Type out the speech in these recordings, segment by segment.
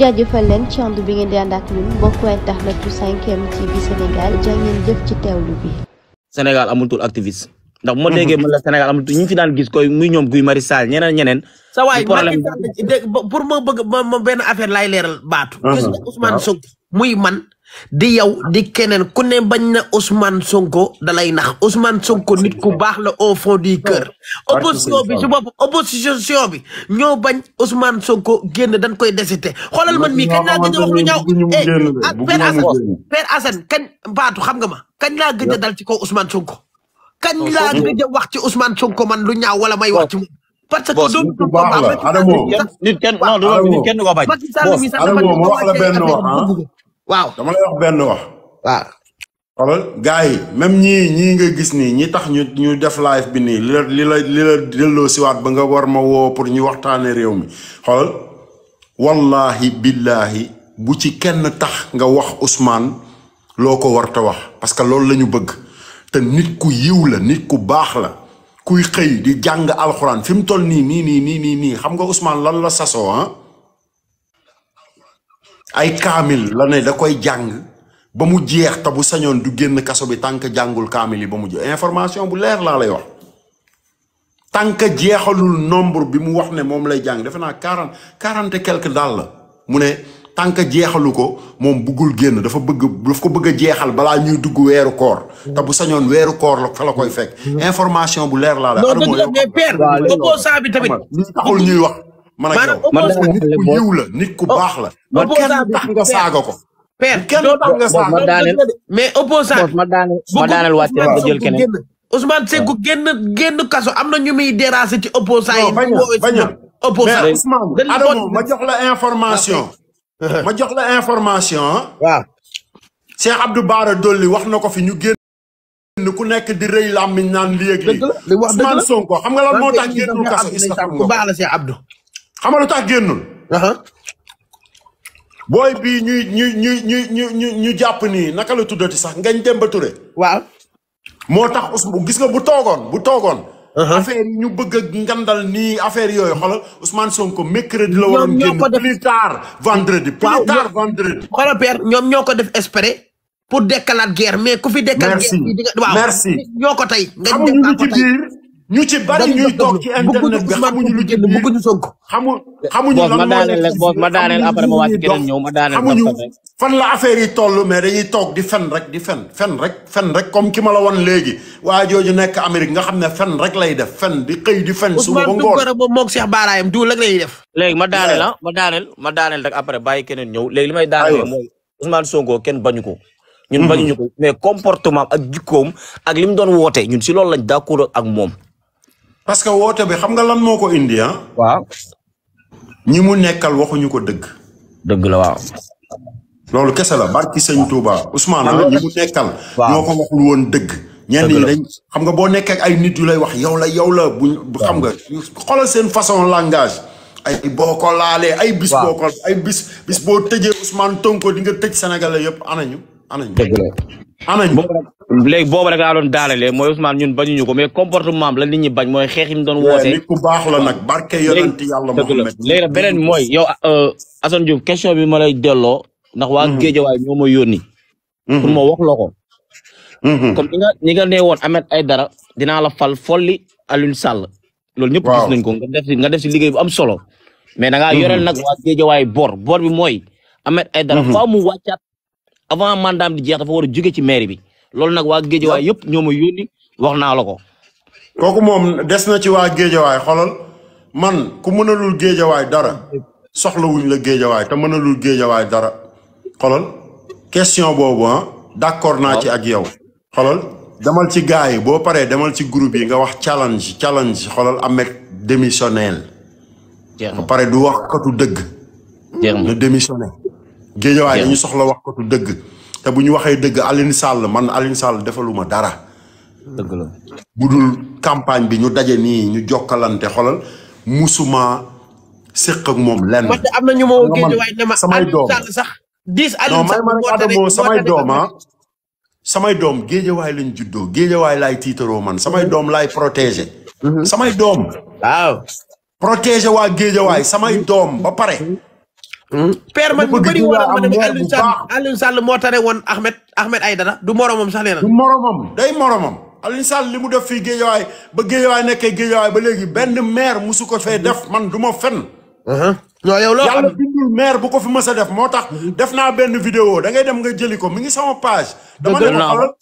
jaajëfal leen ci ànd bi ngeen di ànd ak ñun mbokku internet bu 5M TV Sénégal jàngeen jëf ci teewlu bi. Sénégal amatul activiste. ndax bu ma déggee mhm. man la Sénégal amatul ñu fi daan gis koy muy ñoom Guy Marius Sagna ñeneen ñeneen. sa waay pour ma bëgg ma benn affaire laay leeral baat mhm. gis nga Ousmane muy man di yow di keneen ku ne bañ na Ousmane Sonko dalay nax Ousmane Sonko nit ku baax la au fond di cœur opposition bi ci bopp opposition bi ñoo bañ Ousmane Sonko génn dañ koy desité xoolal man mi kañ laa gëj a wax lu ñaaw ak eh, Père Assane Père Assane kañ baatu xam nga ma kañ laa gëj a dal ci kaw Ousmane Sonko kañ laa gëj a wax ci Ousmane Sonko man lu ñaaw wala may wax ci moom parce que doon ko baax la Adamo nit kenn non nit kenn ko bañ Macky Sall mi sax Adamo ma wax la waaw dama lay wax benn wax. waaw. xoolal gars yi même ñii ñii nga gis nii ñi tax ñu ñu def live bi nii li la li la li la delloo siwaat ba nga war ma woo pour ñu waxtaane réew mi xoolal wallaahi billaahi bu ci kenn tax nga wax usmaan loo ko war te wax parce que loolu la ñu bëgg te nit ku yiw la nit ku baax la kuy xëy di jàng alxuraan fi mu toll nii nii nii nii nii nii xam nga Ousmane lan la sasoo ah ay kaamil la ne da koy jàng ba mu jeex te bu sañoon du génn kaso bi tànk jàngul kaamil yi ba mu jeex information bu leer laa lay wax tànk jeexalul nombre bi mu wax ne moom lay jàng defe naa quarante quarante quelque daal la mu ne tànk jeexalu ko moom buggul génn dafa bëgg daf ko bëgg a jeexal balaa ñuy dugg weeru koor te bu sañoon weeru koor la fa la koy fekk information bu leer laa la. non dëgg la mais père opposant taxul ñuy wax. man ak yow nit ku yiw nit ku baax la. man kenn tax nga saaga ko. père kenn tax nga saaga ko mais opposant bi ma daaneel ma daaneel wàcce nga jël keneen. Ousmane Sonko ah. génn am na ñu muy déranger ci opposant yi. bañ a bañ a opposant Ousmane Adamo ma jox la information. ma jox la information. waaw. Cheikh Abdou Bara Dolli wax na ko fi ñu génn. ku nekk di rëy làmmiñ naan li yëg li. Ousmane Sonko xam nga lan moo tax génnul kaso. Ousmane Sonko baax la Cheikh Abdou. xam nga lu tax génnul. booy bii ñuy ñu ñu ñu ñu ñu ñu jàpp nii naka la tuddati sax ngañ dem ba ture. waaw. moo tax Ousmane gis nga bu toogoon bu toogoon. affaire yi ñu bëgg a ngandal nii affaire yooyu xoolal Ousmane Sonko mercredi la waroon génn plus tard vendredi. plus tard vendredi. xoolal père ñoom ñoo ko def espérer. pour décalaat guerre mais ku fi. décalaat guerre bi di nga waaw merci ñoo ko tey. nga ñu ci biir. ñu ci bari ñuy toog ci internet bi xamuñu lu ci bëgguñu Sonko xamu xamuñu lan boos ma daaneel après ma wàcc ñëw ma daaneel xamuñu fan la affaire yi toll mais dañuy toog di fen rek di fen fen rek fen rek comme ki ma la woon léegi waa jooju nekk Amérique nga xam ne fen rek lay def fen di xëy di fen suba ba ngoon Ousmane moom Baaraayam du rek lay def léegi ma daaneel ah ma daaneel ma daaneel rek après bàyyi keneen ñëw léegi li may daaneel mooy Ousmane Sonko kenn bañu ko ñun mm-hmm. bañuñu ko mais comportement ak jikkoom ak li mu doon woote ñun si loolu lañ d'accord ak moom parce que woote bi xam nga lan moo ko indi ah. waaw. ñi mu nekkal waxuñu ko dëgg. dëgg la waaw. loolu kese la barki sëñ Touba Ousmane ah ñi mu nekkal. waaw ñoo ko waxul woon dëgg. ñenn yi dañ xam nga boo nekkee ay nit yu lay wax yow la yow la bu xam nga xoolal seen façon langage. ay boo ko laalee ay bis boo ko ay bis bis boo tëjee Ousmane Sonko di nga tëj Sénégalais yëpp anañu anañ anañ léegi boobu rek a doon daanale mooy Ousmane ñun bañuñu ko mais comportement am la nit ñi bañ mooy xeex yi mu doon woote nit ku baax la nag barke yonent yàlla Muhammad léegi nag beneen bi mooy yow euh, Assane Diouf question bi ma lay delloo ndax waa mhm. Géejawaay ñoo ma yónni mhm. pour ma wax la ko mhm. comme ni nga ni nga nee woon Ahmed Aïdara dinaa la fal folli Alioune Sall loolu ñëpp gis nañ ko nga def si nga def si liggéey bu am solo mais da ngaa yoreel nag waa Géejawaay bor bor bi mooy Ahmed Aïdara faaw mu wàccaat avant mandaam di jeex dafa war a jóge ci maire bi loolu nag waa Géejawaay yëpp ñoo ma yónni wax naa la ko. kooku moom des na ci waa Géejawaay xoolal man ku mënalul Géejawaay dara soxla wuñ la Géejawaay te mënalul Géejawaay dara xoolal question boobu ah. d'accord naa ci ak yow. xoolal demal ci gars yi boo paree demal ci groupe yi nga wax challenge challenge xoolal Ameth démissionnel. jeex na ba pare du wax katu dëgg. jeex na démissionné. géejawaay dañu soxla wax ko dëgg te bu ñu waxee dëgg Alioune Sall man Alioune Sall defaluma dara. dëgg la bu dul campagne bi ñu daje nii ñu jokkalante xolal musuma séq moom lenn. am na ñu ma woo géejawaay ne ma Alioune Sall sax. dix samay doom ah. samay doom géejawaay lañ juddoo géejawaay laay tiitaroo man samay mhm. doom laay protéger. Mhm. samay doom. waaw protéger waa géejawaay samay mhm. doom ba pare. père man ñu bëri woon ma moo tane woon Ahmed Ahmed Aïdara du moromam sax leen. du moromam day moromam. Alioune Sall li mu def fii Géejawaay ba Géejawaay nekkee Géejawaay ba léegi benn maire musu ko fee def man du ma fenn. non yow maire bu ko fi mës a def moo tax. def naa benn vidéo da ngay dem nga jëli ko mi ngi sama page. dama ne ko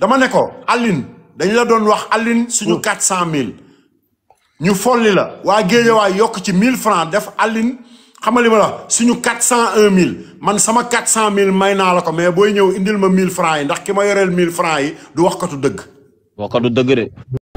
dama ne ko Aline dañu la doon wax Aline suñu hmm. quatre cent mille. ñu folli la waa Géejawaay yokk ci mille francs def Aline. xamali ma la suñu quatre cent un mille man sama quatre cent mille may naa la ko mais booy ñëw indil ma mille francs yi ndax ki ma yoreel mille francs yi du wax katu dëgg. wax katu dëgg de.